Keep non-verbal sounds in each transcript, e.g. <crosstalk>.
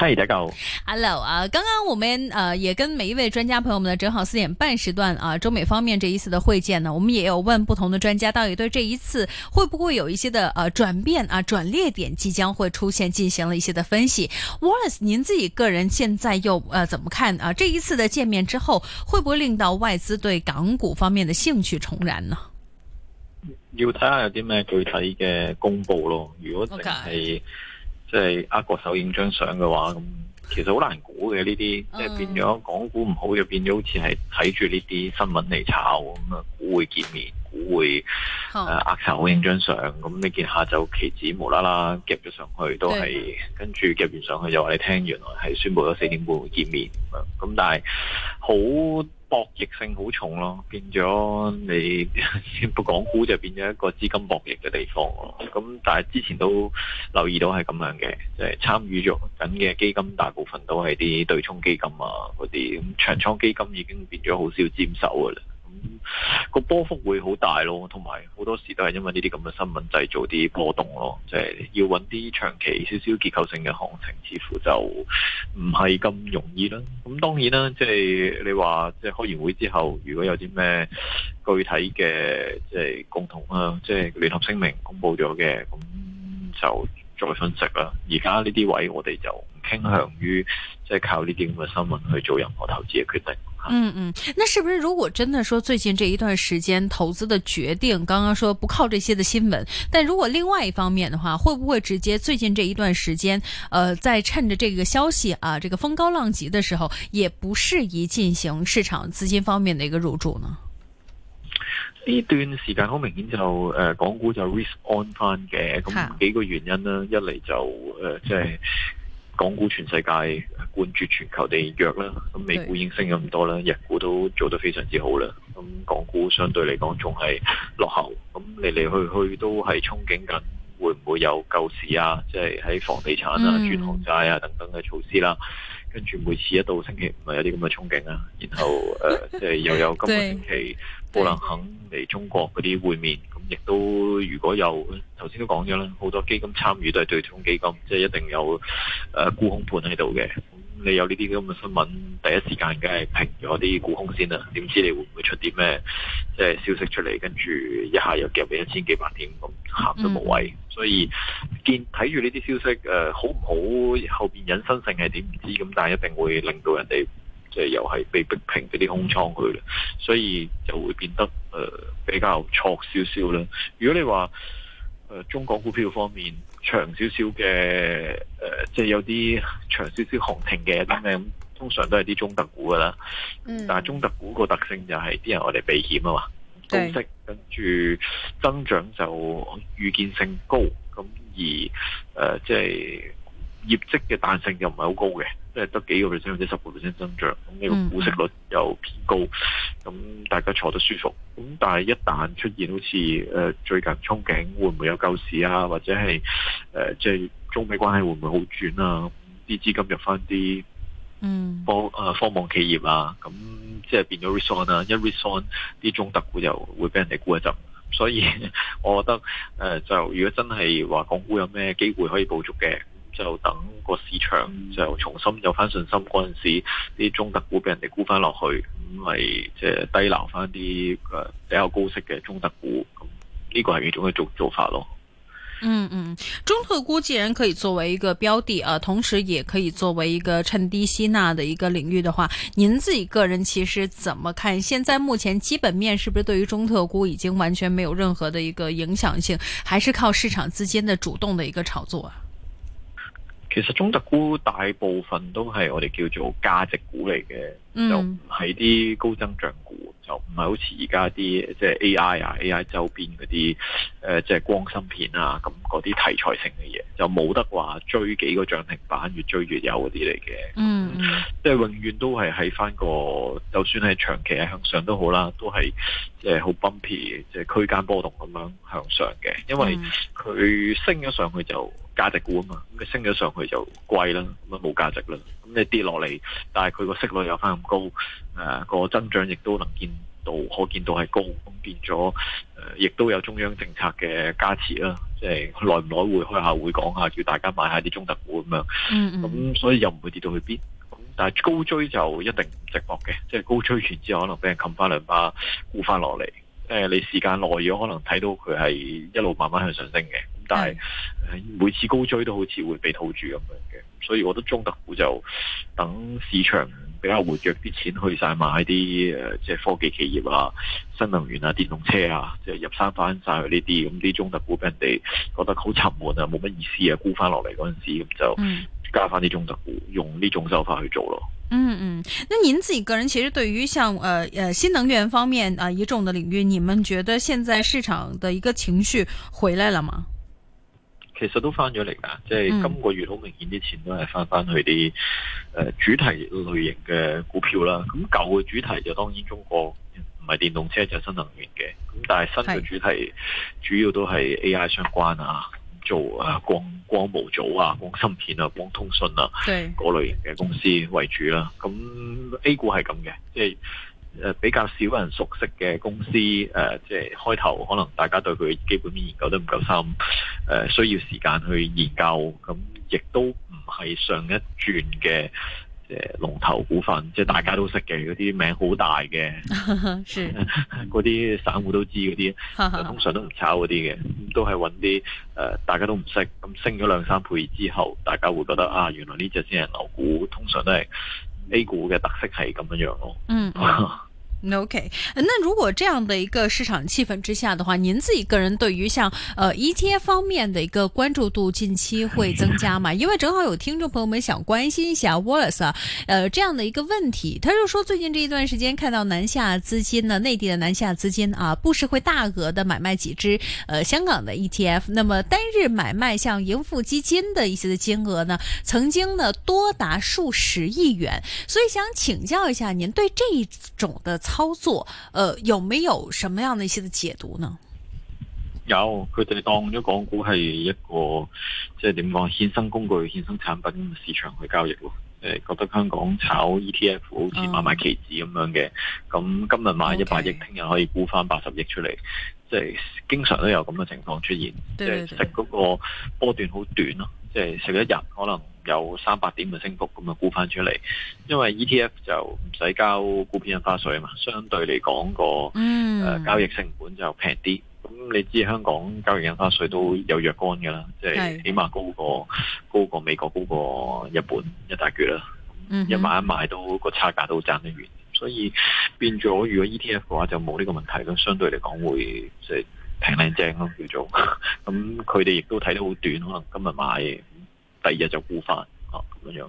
Hello 啊，Hello, uh, 剛剛我們呃、uh, 也跟每一位專家朋友們呢，正好四點半時段啊，uh, 中美方面這一次的會見呢，uh, 我們也有問不同的專家，到底對這一次會不會有一些的呃、uh, 轉變啊，uh, 轉捩點即將會出現，進行了一些的分析。Wallace，您自己個人現在又呃、uh, 怎麼看啊？Uh, 這一次的見面之後，會不會令到外資對港股方面的興趣重燃呢？要睇下有啲咩具體嘅公布咯，如果淨係。Okay. 即係握個手影張相嘅話，咁其實難、就是、好難估嘅呢啲，即係變咗港股唔好又變咗好似係睇住呢啲新聞嚟炒，咁啊，估會見面，估會誒晒好影張相，咁你見下晝期指無啦啦夾咗上去都，都係的跟住夾完上去又話你聽，原來係宣布咗四點半會見面，咁咁但係好。博弈性好重咯，變咗你港股就變咗一個資金博弈嘅地方。咁但係之前都留意到係咁樣嘅，就係參與咗緊嘅基金大部分都係啲對沖基金啊，嗰啲咁長倉基金已經變咗好少沾手㗎啦。個波幅會好大咯，同埋好多時都係因為呢啲咁嘅新聞製造啲波動咯，即係要揾啲長期少少結構性嘅行情，似乎就唔係咁容易啦。咁當然啦，即係你話即係開完會之後，如果有啲咩具體嘅即係共同呀，即係聯合聲明公佈咗嘅，咁，嗯，就再分析啦。而家呢啲位我哋就。傾向於即係靠呢啲咁嘅新聞去做任何投資嘅決定。嗯嗯，那是不是如果真的說最近這一段時間投資的決定，剛剛說不靠這些的新聞，但如果另外一方面的話，會不會直接最近這一段時間，呃，在趁着這個消息啊，這個風高浪急的時候，也不適宜進行市場資金方面的一個入駐呢？呢段時間好明顯就誒、呃，港股就 risk on 翻嘅，咁幾個原因啦，一嚟就誒，即、呃、係。就是港股全世界冠絕全球地弱啦，咁美股已經升咗咁多啦，日股都做得非常之好啦，咁港股相對嚟講仲係落後，咁嚟嚟去去都係憧憬緊會唔會有救市啊，即係喺房地產啊、轉行債啊等等嘅措施啦、啊。跟住每次一到星期五，咪有啲咁嘅憧憬啦、啊。然後誒、呃，即係又有今個星期布林 <laughs> 對肯嚟中國嗰啲會面，咁亦都如果有頭先都講咗啦，好多基金參與都係對沖基金，即係一定有誒沽、呃、空盤喺度嘅。你有呢啲咁嘅新聞，第一時間梗係平咗啲沽空先啦。點知你會唔會出啲咩即係消息出嚟，跟住一下又夾尾一千幾百點咁行都冇位。嗯、所以見睇住呢啲消息，誒、呃、好唔好後邊引申性係點唔知咁，但係一定會令到人哋即係又係被逼平嗰啲空倉去啦。所以就會變得誒、呃、比較錯少少啦。如果你話誒、呃、中港股票方面。長少少嘅，誒，即係有啲長少少行情嘅一啲咩咁樣，通常都係啲中特股噶啦。嗯，但係中特股個特性就係啲人我哋避險啊嘛，共識對，跟住增長就預見性高，咁而誒，即係業績嘅彈性就唔係好高嘅。即係得幾個 percent 或者十個 percent 增長，咁呢個股息率又偏高，咁、嗯、大家坐得舒服。咁但係一旦出現好似誒最近憧憬會唔會有救市啊？或者係誒即係中美關係會唔會好轉啊？啲資金入翻啲，嗯，科誒、啊、科網企業啊，咁即係變咗 risk on 啊，一 risk on 啲中特估就會俾人哋沽一陣。所以我覺得誒、呃、就如果真係話港股有咩機會可以捕捉嘅。就等個市場就重新有翻信心嗰陣時，啲、嗯、中特估俾人哋估翻落去，咁咪即係低流翻啲誒比較高息嘅中特估，呢個係一種嘅做做法咯。嗯嗯，中特估既然可以作為一個標的啊，同時也可以作為一個趁低吸納嘅一個領域的話，您自己個人其實怎麼看？現在目前基本面是不是對於中特估已經完全沒有任何的一個影響性，還是靠市場資金的主動的一個炒作？其實中特估大部分都係我哋叫做價值股嚟嘅，嗯、就唔係啲高增長股，就唔係好似而家啲即係 A I 啊 A I 周邊嗰啲誒，即、呃、係、就是、光芯片啊咁嗰啲題材性嘅嘢，就冇得話追幾個漲停板越追越有嗰啲嚟嘅。嗯，即係永遠都係喺翻個，就算係長期係向上都好啦，都係誒好 bumpy，即係區間波動咁樣向上嘅，因為佢升咗上去就。價值股啊嘛，咁佢升咗上去就貴啦，咁啊冇價值啦。咁你跌落嚟，但係佢個息率又翻咁高，誒、呃、個增長亦都能見到，可見到係高，咁變咗誒亦都有中央政策嘅加持啦。即係耐唔耐會開下會講下，叫大家買下啲中特股咁樣。咁、嗯嗯、所以又唔會跌到去邊。咁但係高追就一定唔值博嘅，即係高追完之後，可能俾人冚翻兩巴，沽翻落嚟。即係你時間耐咗，可能睇到佢係一路慢慢向上升嘅，咁但係每次高追都好似會被套住咁樣嘅，所以我覺得中特股就等市場比較活躍啲錢去晒，買啲誒，即係科技企業啊、新能源啊、電動車啊，即係入山翻晒去呢啲，咁、嗯、啲中特股俾人哋覺得好沉悶啊，冇乜意思啊，沽翻落嚟嗰陣時咁就。嗯加翻呢種中特估，用呢種手法去做咯。嗯嗯，那您自己個人其實對於像，誒、呃、誒，新能源方面啊，一、呃、眾的領域，你們覺得現在市場的一個情緒回來了嗎？其實都翻咗嚟噶，即、就、係、是、今個月好明顯啲錢都係翻翻去啲誒、呃、主題類型嘅股票啦。咁舊嘅主題就當然中國唔係電動車就是、新能源嘅，咁但係新嘅主題主要都係 AI 相關啊。做光光模組啊，光芯片啊，光通訊啊，嗰對類型嘅公司為主啦。咁 A 股係咁嘅，即係比較少人熟悉嘅公司，誒、嗯呃、即係開頭可能大家對佢基本面研究得唔夠深、呃，需要時間去研究，咁亦都唔係上一轉嘅。誒，龍頭股份即係大家都識嘅嗰啲名好大嘅，嗰啲散戶都知嗰啲，通常都唔炒嗰啲嘅，都係揾啲誒，大家都唔識，咁升咗兩三倍之後，大家會覺得啊，原來呢隻先係牛股，通常都係 A 股嘅特色係咁樣樣咯。 <laughs> 嗯。 <laughs> OK，那如果這樣的一個市場氣氛之下的話，您自己個人對於像，呃，E T F 方面的一個關注度近期會增加嗎？因為正好有聽眾朋友們想關心一下 Wallace、啊、呃，這樣的一個問題，他就說最近這一段時間看到南下資金呢，內地的南下資金啊，不時會大額的買賣幾隻，呃，香港的 E T F，那麼單日買賣像盈富基金的一些的金額呢，曾經呢多達數十億元，所以想請教一下您對這一種的。操作，呃，有沒有什麼樣的一些的解讀呢？有，佢哋當咗港股係一個即係點講衍生工具、衍生產品市場去交易咯。誒，覺得香港炒 ETF 好似買、嗯、賣期指咁樣嘅，咁今日買一百億，聽日可以沽翻八十億出嚟，即係經常都有咁嘅情況出現。對對對即係食嗰個波段好短咯，即係食一日可能有三百點嘅升幅咁啊沽翻出嚟。因為 ETF 就唔使交股票印花稅啊嘛，相對嚟講、個誒、嗯啊、交易成本就平啲。咁、嗯、你知香港交易印花稅都有若干嘅啦，即係的起碼高過高過美國高過日本一大橛啦，嗯嗯一買一賣都個差價都差得遠，所以變咗如果 E T F 嘅話就冇呢個問題，咁相對嚟講會即係平靚正咯叫做。咁佢哋亦都睇得好短，可能今日買，第二日就沽返，哦、啊、咁樣。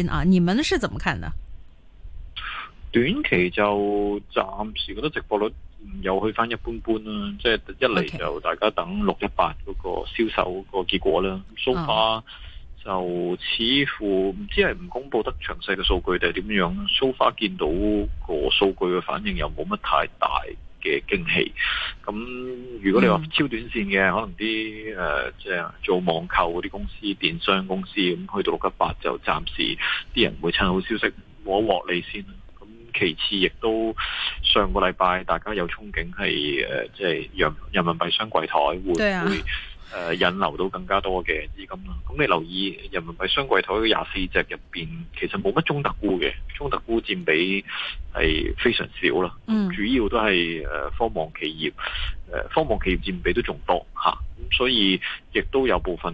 啊！你們是怎麼看的？短期就暫時覺得直播率又去翻一般般啦，即係一嚟就大家等六一八個銷售個結果啦。Okay. so far 就似乎唔知係唔公布得詳細嘅數據定係點樣，so far 見到個數據嘅反應又冇乜太大。嘅驚喜，咁如果你話超短線嘅，可能啲誒即係做網購嗰啲公司、電商公司，咁去到六級八就暫時啲人會趁好消息獲獲利先。咁其次亦都上個禮拜大家有憧憬係誒，即係人人民幣雙櫃台會唔會，引流到更加多嘅資金啦。咁你留意人民幣雙櫃台廿四隻入邊，其實冇乜中特估嘅，中特估佔比係非常少啦。嗯、主要都係誒科網企業，誒科網企業佔比都仲多吓。咁、啊、所以亦都有部分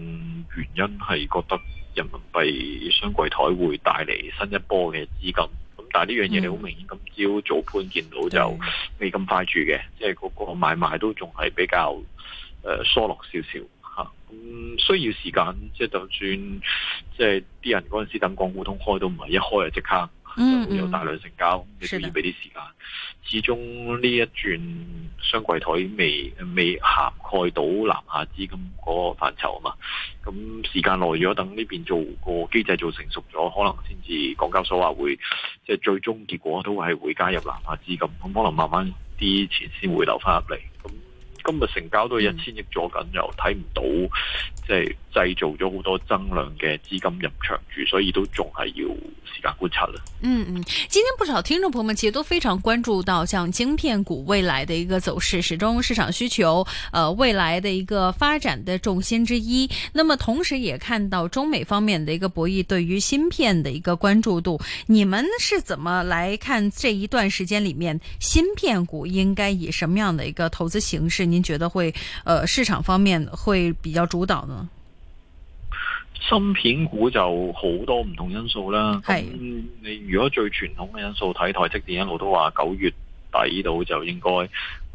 原因係覺得人民幣雙櫃台會帶嚟新一波嘅資金。咁、嗯、但係呢樣嘢，你好明顯今朝早盤見到就未咁快住嘅，即係嗰個買賣都仲係比較。誒，疏、呃、落少少吓，咁、啊嗯、需要時間，即、就、係、是、就算，即係啲人嗰陣時等港股通開都唔係一開就即刻，嗯、就有大量成交，你都、嗯、要俾啲時間。的始終呢一轉雙櫃台未未涵蓋到南下資金嗰個範疇啊嘛，咁時間耐咗，等呢邊做個機制做成熟咗，可能先至港交所話會，即、就、係、是、最終結果都係會加入南下資金，咁可能慢慢啲錢先會流翻入嚟。嗯今日成交都一千億左近，又睇唔到即係製造咗好多增量嘅資金入場住，所以都仲係要時間觀察啦。嗯嗯，今天不少聽眾朋友們其實都非常關注到，像晶片股未來的一個走勢，始終市場需求，呃未來的一個發展的重心之一。那麼同時也看到中美方面的一個博弈，對於芯片的一個關注度，你們是怎麼來看這一段時間裏面芯片股應該以什麼樣的一個投資形式？你覺得會，呃市場方面會比較主導呢？芯片股就好多唔同因素啦。係的，你如果最傳統嘅因素睇台積電一路都話九月底到就應該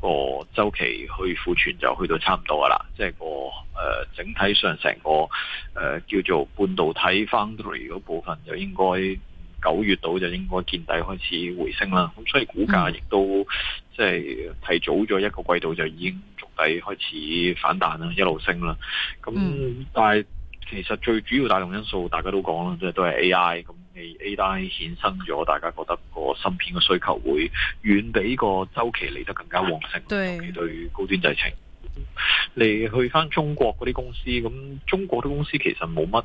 個周期去庫存就去到差唔多噶啦，即係個誒、呃、整體上成個誒、呃、叫做半導體 foundry 嗰部分就應該。九月度就應該見底開始回升啦，咁所以股價亦都即係提早咗一個季度就已經觸底開始反彈啦，一路升啦。咁但係其實最主要帶動因素大家都講啦，即係都係 A I，咁你 A I 衍生咗，大家覺得個芯片嘅需求會遠比個周期嚟得更加旺盛，尤對其對高端製程。你去翻中國嗰啲公司，咁中國啲公司其實冇乜，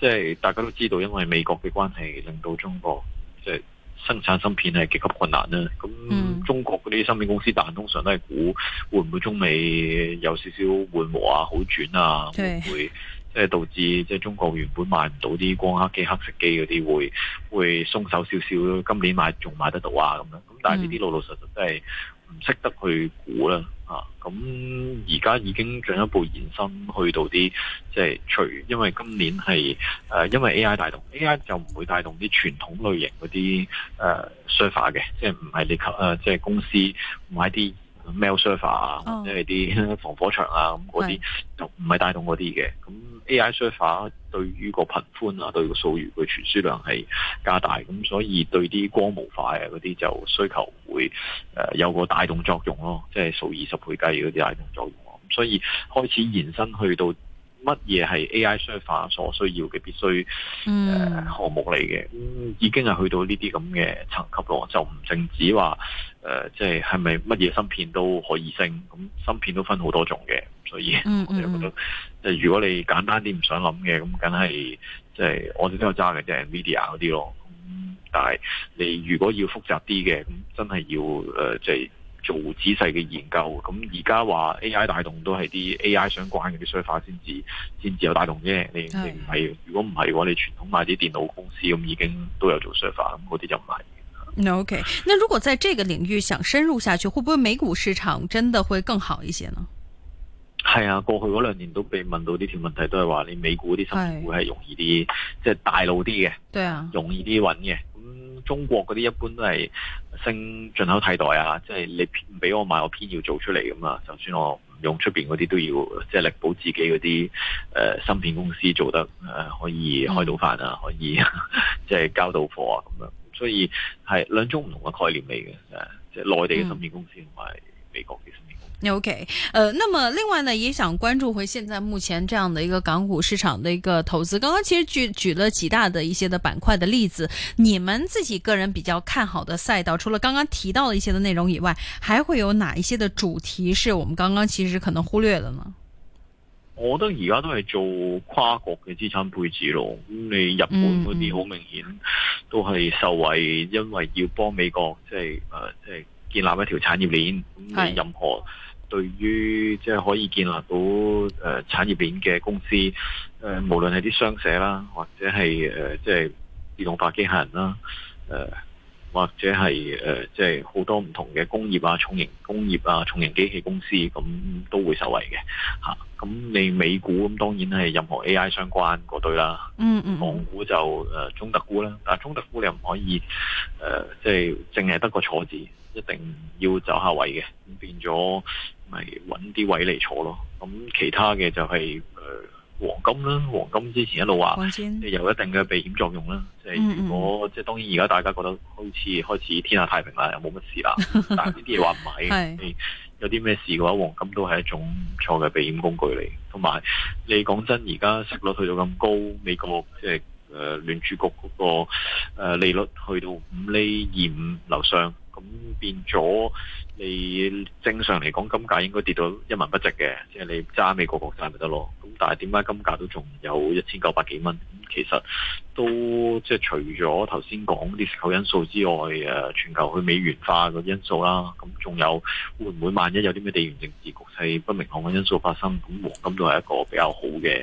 即係大家都知道，因為美國嘅關係令到中國即係生產芯片係極級困難啦。咁中國嗰啲芯片公司，但係通常都係估會唔會中美有少少緩和啊好轉啊，是會，會即係導致即係中國原本買唔到啲光刻機、黑色機嗰啲會會鬆手少少咯。今年買仲買得到啊咁樣，咁但係呢啲老老實實都係。唔識得去估啦，啊！咁而家已經進一步延伸去到啲，即係除因為今年係誒、呃，因為 A I 帶動 <noise> A I 就唔會帶動啲傳統類型嗰啲誒 server 嘅，即係唔係你購誒、呃，即係公司買啲 mail server 啊，oh. 或者啲防火牆啊咁嗰啲， <noise> 就唔係帶動嗰啲嘅咁。AI server 對於個頻寬啊，對個數據嘅傳輸量係加大，咁所以對啲光模塊啊嗰啲就需求會誒有個帶動作用咯，即係數二十倍計嗰啲帶動作用，咁所以開始延伸去到。乜嘢係 AI server 所需要嘅必須誒、呃嗯、項目嚟嘅、嗯？已經係去到呢啲咁嘅層級咯，就唔淨止話誒，即係係咪乜嘢芯片都可以升？咁、嗯、芯片都分好多種嘅，所以我哋就覺得，誒、嗯嗯、如果你簡單啲唔想諗嘅，咁梗係即係我哋都有揸嘅，即係 Nvidia 嗰啲咯。咁、嗯嗯、但係你如果要複雜啲嘅，咁真係要誒即係。呃，就是做仔細嘅研究，咁而家話 A I 帶動都係啲 A I 相關嘅啲算法先至，先至有帶動啫。你你唔係，的如果唔係，我你傳統買啲電腦公司咁，已經都有做算法、er，咁嗰啲就唔係。Okay。那如果在這個領域想深入下去，會不會美股市場真的會更好一些呢？係啊，過去嗰兩年都被問到呢條問題，都係話你美股啲芯片會係容易啲，即係是大路啲嘅，啊、容易啲揾嘅。咁、嗯、中國嗰啲一般都係升進口替代啊，即、就、係、是、你唔俾我買，我偏要做出嚟咁啊。就算我唔用出邊嗰啲，都要即係、就是、力保自己嗰啲誒芯片公司做得誒、呃、可以開到飯啊，嗯、可以即係 <laughs> 交到貨啊咁樣。所以係兩種唔同嘅概念嚟嘅，即、就、係、是、內地嘅芯片公司同埋美國嘅芯片公司。嗯 O K，誒，okay. uh, 那麼另外呢，也想關注回現在目前這樣的一個港股市場的一個投資。剛剛其實舉舉了幾大的一些的板塊的例子，你們自己個人比較看好的賽道，除了剛剛提到的一些的內容以外，還會有哪一些的主題是我們剛剛其實可能忽略了呢？我覺得而家都係做跨國嘅資產配置咯。咁你日本嗰邊好明顯都係受惠，嗯、因為要幫美國即係誒即係建立一條產業鏈。咁你任何對於即係可以建立到誒產業鏈嘅公司，誒無論係啲商社啦，或者係誒即係自動化機械人啦，誒或者係誒即係好多唔同嘅工業啊、重型工業啊、重型機器公司，咁都會受惠嘅嚇。咁、啊、你美股咁當然係任何 AI 相關嗰對啦。嗯，嗯嗯，港股就誒中特估啦。但係，中特估你又唔可以誒，即係淨係得個坐字。一定要走下位嘅，咁變咗咪揾啲位嚟坐咯。咁其他嘅就係、是、誒、呃、黃金啦，黃金之前一路話金有一定嘅避險作用啦。即、就、係、是、如果嗯嗯即係當然而家大家覺得好似開始天下太平啦，又冇乜事啦。 <laughs> 但係呢啲嘢話唔係， <laughs> 是有啲咩事嘅話，黃金都係一種唔錯嘅避險工具嚟。同埋你講真，而家息率去到咁高，美國即係誒聯儲局嗰個誒利率去到五厘二五樓上。咁變咗，你正常嚟講金價應該跌到一文不值嘅，即、就、係、是、你揸美國國債咪得咯。咁但係點解金價都仲有一千九百幾蚊，嗯？其實都即係、就是、除咗頭先講啲結構因素之外，誒、啊、全球去美元化個因素啦，咁、嗯、仲有會唔會萬一有啲咩地緣政治局勢不明朗嘅因素發生，咁、嗯、黃金都係一個比較好嘅誒、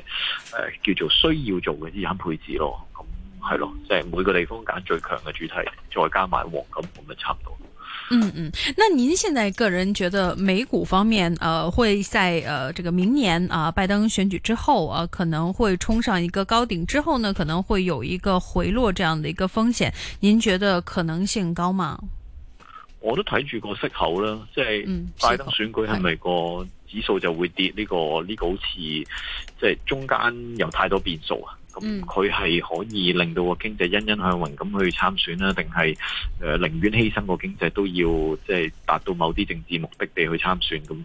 呃、叫做需要做嘅資產配置咯。咁係咯，即係、就是、每個地方揀最強嘅主題，再加埋黃金，咁咪差唔多。嗯嗯，那您現在個人覺得美股方面，呃，會在呃這個明年啊、呃、拜登選舉之後啊、呃，可能會衝上一個高頂之後呢，可能會有一個回落這樣的一個風險，您覺得可能性高嗎？我都睇住個息口啦，即係拜登選舉係咪個指數就會跌？呢個呢個好似即係中間有太多變數啊。咁佢係可以令到個經濟欣欣向榮咁去參選啦、啊，定係誒寧願犧牲個經濟都要即係、就是、達到某啲政治目的地去參選咁。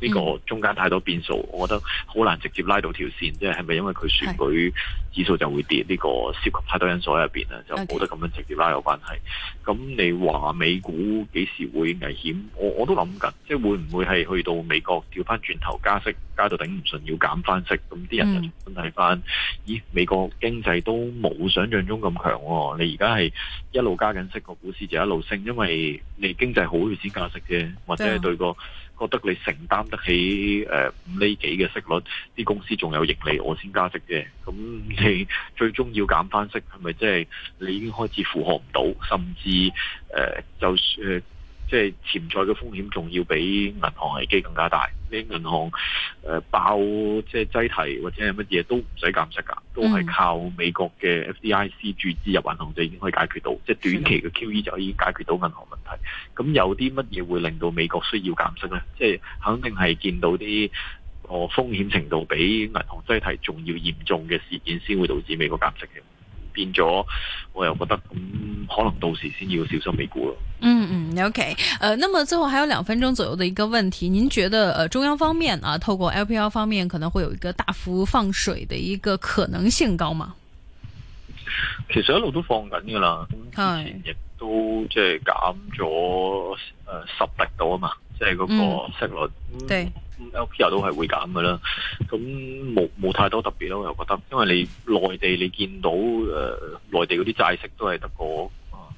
呢、嗯、個中間太多變數，我覺得好難直接拉到條線。即係係咪因為佢選舉指數就會跌？呢是個涉及太多因素喺入邊啦，就冇得咁樣直接拉有關係。咁 Okay.、嗯、你話美股幾時會危險？我我都諗緊，即係會唔會係去到美國調翻轉頭加息，加到頂唔順要減翻息？咁、嗯、啲人就重新睇翻，咦？美國經濟都冇想像中咁強、哦。你而家係一路加緊息，個股市就一路升，因為你經濟好要先加息啫，或者對個。嗯覺得你承擔得起誒五、呃、厘幾嘅息率，啲公司仲有盈利，我先加息嘅。咁你最終要減翻息，係咪即係你已經開始負荷唔到，甚至誒、呃、就算，呃即係潛在嘅風險仲要比銀行危機更加大。你銀行誒、呃、爆即係擠提或者係乜嘢都唔使減息㗎，都係靠美國嘅 FDIC 注資入銀行就已經可以解決到。即係短期嘅 QE 就可以解決到銀行問題。咁有啲乜嘢會令到美國需要減息呢？即係肯定係見到啲個、呃、風險程度比銀行擠提仲要嚴重嘅事件，先會導致美國減息嘅。變咗，我又覺得咁可能到時先要小心美股。咯。嗯嗯，OK，誒、呃，那麼最後還有兩分鐘左右的一個問題，您覺得誒、呃、中央方面啊透過 LPR 方面可能會有一個大幅放水的一個可能性高嗎？其實一路都放緊噶啦，咁之前亦都即係減咗誒十厘度啊嘛，即係嗰個息率。嗯嗯、對。LPR 都係會減嘅啦，咁冇冇太多特別咯，又覺得，因為你內地你見到誒內、呃、地嗰啲債息都係得個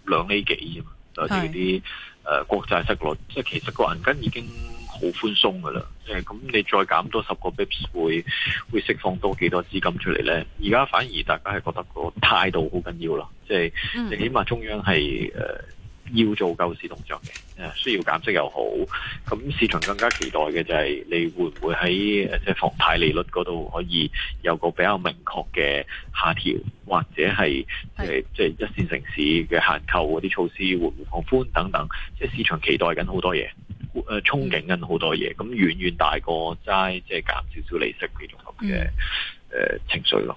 兩厘幾啫嘛，或者嗰啲誒國債息率，即係其實個銀根已經好寬鬆噶啦，即、呃、咁你再減多十個 bips 會會釋放多幾多資金出嚟咧？而家反而大家係覺得個態度好緊要啦，即係你起碼中央係誒。呃要做救市動作嘅，誒需要減息又好，咁市場更加期待嘅就係你會唔會喺誒即係房貸利率嗰度可以有個比較明確嘅下調，或者係即係即係一線城市嘅限購嗰啲措施會唔會放寬等等，即係市場期待緊好多嘢，誒憧憬緊好多嘢，咁遠遠大過齋即係減少少利息嗰種咁嘅誒情緒咯。